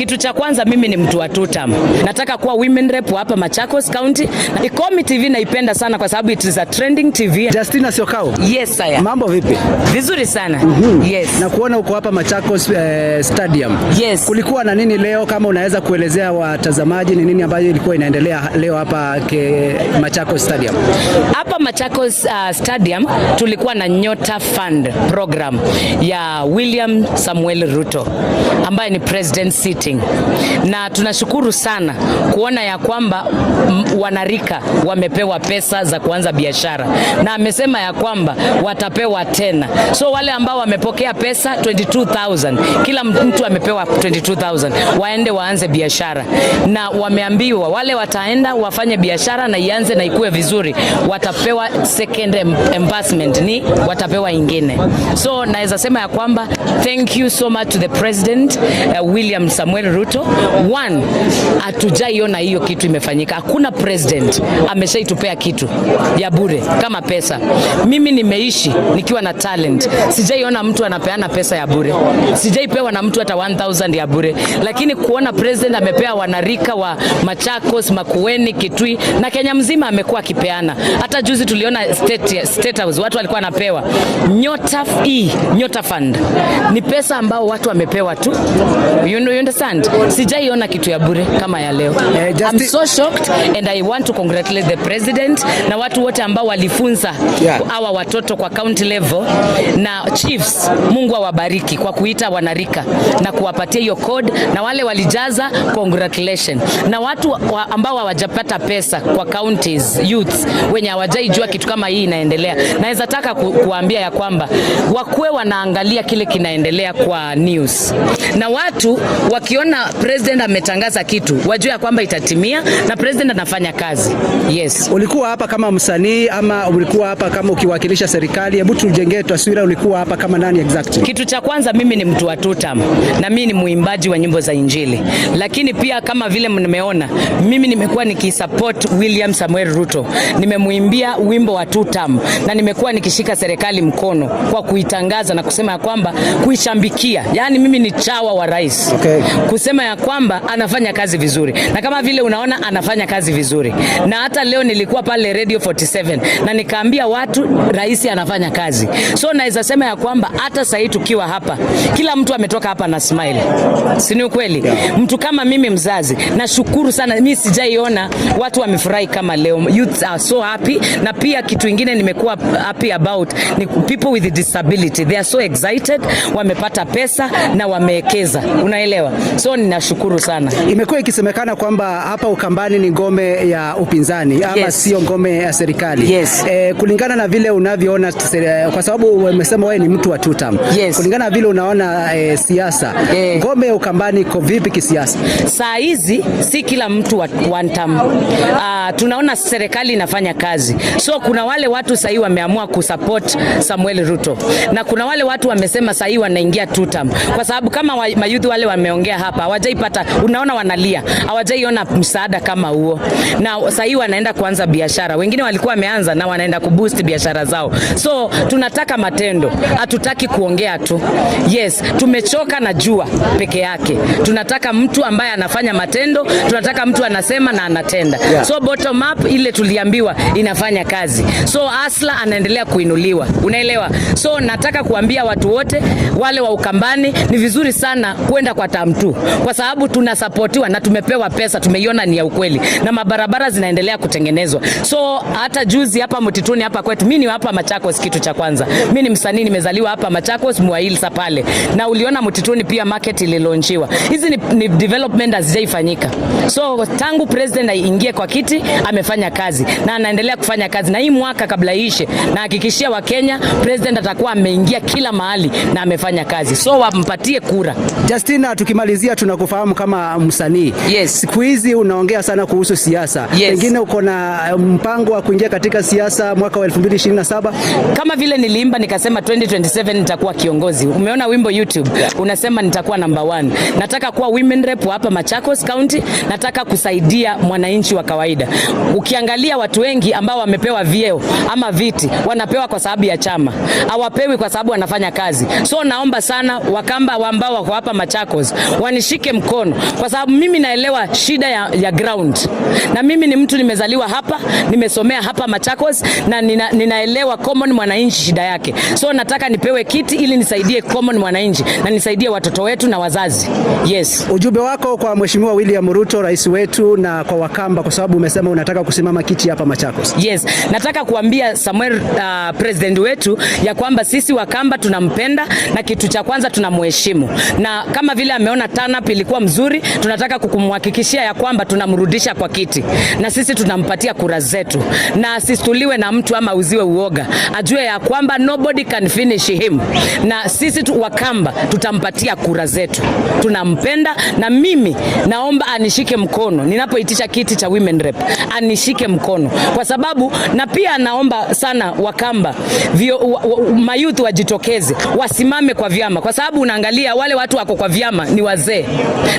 Kitu cha kwanza mimi ni mtu wa Tutam. Nataka kuwa women rep hapa Machakos County. Na Ikomi TV naipenda sana kwa sababu it is a trending TV. Justina Siokao. Yes, sir. Mambo vipi? Vizuri sana. Mm -hmm. Yes. Na kuona uko hapa Machakos eh, Stadium. Yes. Kulikuwa na nini leo kama unaweza kuelezea watazamaji ni nini ambayo ilikuwa inaendelea leo hapa ke Machakos Stadium? Hapa Machakos uh, Stadium tulikuwa na Nyota Fund program ya William Samuel Ruto ambaye ni President City meeting, na tunashukuru sana kuona ya kwamba wanarika wamepewa pesa za kuanza biashara, na amesema ya kwamba watapewa tena. So wale ambao wamepokea pesa 22000 kila mtu amepewa 22000 waende waanze biashara, na wameambiwa wale wataenda wafanye biashara na ianze na ikue vizuri, watapewa second investment, ni watapewa ingine. So naweza sema ya kwamba thank you so much to the president uh, William Samuel Samuel Ruto, one, hatujaiona hiyo kitu imefanyika. Hakuna president ameshaitupea kitu ya bure kama pesa. Mimi nimeishi nikiwa na talent, sijaiona mtu anapeana pesa ya bure, sijaipewa na mtu hata 1000 ya bure, lakini kuona president amepea wanarika wa Machakos, Makueni, Kitui na Kenya mzima amekuwa akipeana. Hata juzi tuliona state, state house watu walikuwa wanapewa nyota hii, nyota fund ni pesa ambao watu wamepewa tu, you understand? understand, sijaiona kitu ya bure kama ya leo. Eh, I'm so shocked and I want to congratulate the president na watu wote ambao walifunza hawa watoto kwa county level na chiefs. Mungu awabariki kwa kuita wanarika na kuwapatia hiyo code, na wale walijaza, congratulations Na watu wa ambao hawajapata pesa kwa counties youths wenye hawajaijua kitu kama hii inaendelea, naweza taka ku, kuambia ya kwamba wakuwe wanaangalia kile kinaendelea kwa news na watu wakio wakiona president ametangaza kitu wajua ya kwamba itatimia na president anafanya kazi. Yes. Ulikuwa hapa kama msanii ama ulikuwa hapa kama ukiwakilisha serikali? Hebu tujengee taswira, ulikuwa hapa kama nani exactly? Kitu cha kwanza, mimi ni mtu wa tutam na mimi ni mwimbaji wa nyimbo za Injili, lakini pia kama vile mmeona, mimi nimekuwa nikisupport William Samuel Ruto, nimemwimbia wimbo wa tutam na nimekuwa nikishika serikali mkono kwa kuitangaza na kusema ya kwamba kuishambikia, yani mimi ni chawa wa rais. Okay kusema ya kwamba anafanya kazi vizuri, na kama vile unaona anafanya kazi vizuri, na hata leo nilikuwa pale Radio 47 na nikaambia watu rais anafanya kazi, so naweza sema ya kwamba hata sahii tukiwa hapa kila mtu ametoka hapa na smile, si ni kweli? Mtu kama mimi mzazi, nashukuru sana, mimi sijaiona watu wamefurahi kama leo. Youth are so happy, na pia kitu kingine nimekuwa happy about ni people with disability, they are so excited, wamepata pesa na wamewekeza, unaelewa so ninashukuru sana. Imekuwa ikisemekana kwamba hapa Ukambani ni ngome ya upinzani ama yes, sio ngome ya serikali yes. E, kulingana na vile unavyoona, kwa sababu umesema wewe ni mtu wa tutam. yes, kulingana na vile unaona e, siasa e, ngome ya Ukambani iko vipi kisiasa saa hizi? Si kila mtu wa wantam. Uh, ah, tunaona serikali inafanya kazi, so kuna wale watu sahii wameamua kusupport Samuel Ruto na kuna wale watu wamesema sahii wanaingia tutam, kwa sababu kama wa, mayudhi wale wameongea hapa hawajaipata. Unaona, wanalia hawajaiona msaada kama huo, na sahii wanaenda kuanza biashara. Wengine walikuwa wameanza na wanaenda kuboost biashara zao. So tunataka matendo, hatutaki kuongea tu. Yes, tumechoka na jua peke yake. Tunataka mtu ambaye anafanya matendo, tunataka mtu anasema na anatenda. Yeah. So bottom up ile tuliambiwa inafanya kazi. So Asla anaendelea kuinuliwa, unaelewa? So nataka kuambia watu wote wale wa Ukambani, ni vizuri sana kwenda kwa tamtu kwa sababu tunasapotiwa na tumepewa pesa, tumeiona ni ya ukweli, na mabarabara zinaendelea kutengenezwa. So hata juzi hapa mtituni hapa kwetu, mimi ni hapa Machakos, kitu cha kwanza, mimi ni msanii, nimezaliwa hapa Machakos Mwailsa pale, na uliona mtituni pia market ililaunchiwa. Hizi ni, ni development hazijaifanyika. So tangu president aingie kwa kiti amefanya kazi na anaendelea kufanya kazi, na hii mwaka kabla ishe, na hakikishia wa Kenya president atakuwa ameingia kila mahali na amefanya kazi, so wampatie kura Justina tukimaliza kumalizia, tunakufahamu kama msanii yes. Siku hizi unaongea sana kuhusu siasa yes. Pengine uko na um, mpango wa kuingia katika siasa mwaka wa 2027? Kama vile niliimba nikasema 2027 nitakuwa kiongozi. Umeona wimbo YouTube unasema nitakuwa number one. Nataka kuwa women rep hapa Machakos County, nataka kusaidia mwananchi wa kawaida. Ukiangalia watu wengi ambao wamepewa vyeo ama viti wanapewa kwa sababu ya chama, hawapewi kwa sababu wanafanya kazi. So naomba sana Wakamba ambao wako hapa Machakos wa wanishike mkono, kwa sababu mimi naelewa shida ya, ya ground, na mimi ni mtu nimezaliwa hapa, nimesomea hapa Machakos, na nina, ninaelewa common mwananchi shida yake, so nataka nipewe kiti ili nisaidie common mwananchi na nisaidie watoto wetu na wazazi. Yes, ujumbe wako kwa Mheshimiwa William Ruto rais wetu na kwa Wakamba, kwa sababu umesema unataka kusimama kiti hapa Machakos. Yes, nataka kuambia Samuel uh, president wetu ya kwamba sisi Wakamba tunampenda na kitu cha kwanza tunamheshimu na kama vile ameona turn ilikuwa mzuri. Tunataka kukumhakikishia ya kwamba tunamrudisha kwa kiti na sisi tunampatia kura zetu, na asistuliwe na mtu ama uziwe uoga, ajue ya kwamba nobody can finish him, na sisi tu Wakamba tutampatia kura zetu, tunampenda. Na mimi naomba anishike mkono ninapoitisha kiti cha women rep, anishike mkono kwa sababu, na pia naomba sana Wakamba vio, mayuthi wajitokeze, wasimame kwa vyama, kwa sababu unaangalia wale watu wako kwa vyama ni wazee wazee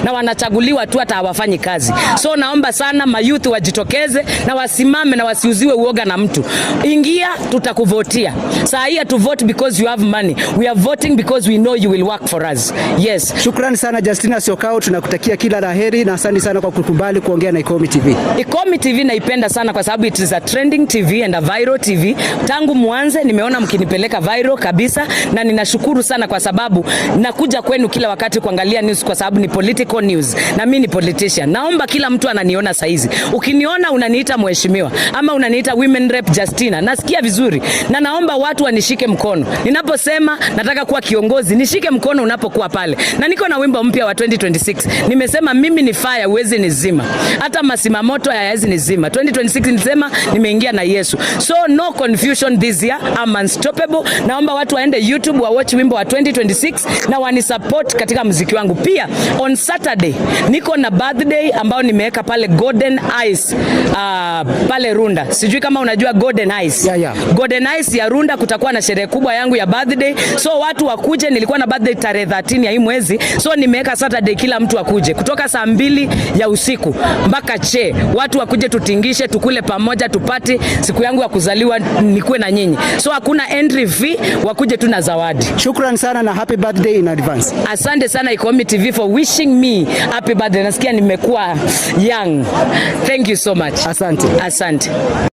na wanachaguliwa tu, hata hawafanyi kazi. So naomba sana mayuthi wajitokeze na wasimame na wasiuziwe uoga na mtu. Ingia, tutakuvotia saa hii. tu vote because you have money, we are voting because we know you will work for us. Yes, shukrani sana Justina Siokao, tunakutakia kila laheri na asante sana kwa kukubali kuongea na Ikomi TV. Ikomi TV naipenda sana kwa sababu it is a trending TV and a viral TV. Tangu mwanze nimeona mkinipeleka viral kabisa, na ninashukuru sana kwa sababu nakuja kwenu kila wakati kuangalia news kwa sababu ni political news na mimi ni politician. Naomba kila mtu ananiona saizi, ukiniona unaniita mheshimiwa ama unaniita women rep Justina, nasikia vizuri, na naomba watu wanishike mkono ninaposema nataka kuwa kiongozi, nishike mkono unapokuwa pale. Na niko na wimbo mpya wa 2026 nimesema mimi ni fire, uwezi nizima, hata masimamoto hayawezi nizima. 2026 nisema nimeingia na Yesu, so no confusion this year, I'm unstoppable. Naomba watu waende YouTube wa watch wimbo wa 2026 na wanisupport katika muziki wangu pia pia on Saturday niko na birthday ambao nimeweka pale Golden Eyes uh, pale Runda. Sijui kama unajua Golden Eyes. Yeah, yeah. Golden Eyes ya Runda kutakuwa na sherehe kubwa yangu ya birthday. So watu wakuje, nilikuwa na birthday tarehe 13 ya hii mwezi. So nimeweka Saturday kila mtu akuje kutoka saa mbili ya usiku mpaka che. Watu wakuje tutingishe, tukule pamoja, tupati siku yangu ya kuzaliwa nikuwe na nyinyi. So hakuna entry fee, wakuje tu na zawadi. Shukrani sana na happy birthday in advance. Asante sana Ikomi TV you for wishing me happy birthday. Nasikia nimekuwa young. Thank you so much. Asante. Asante.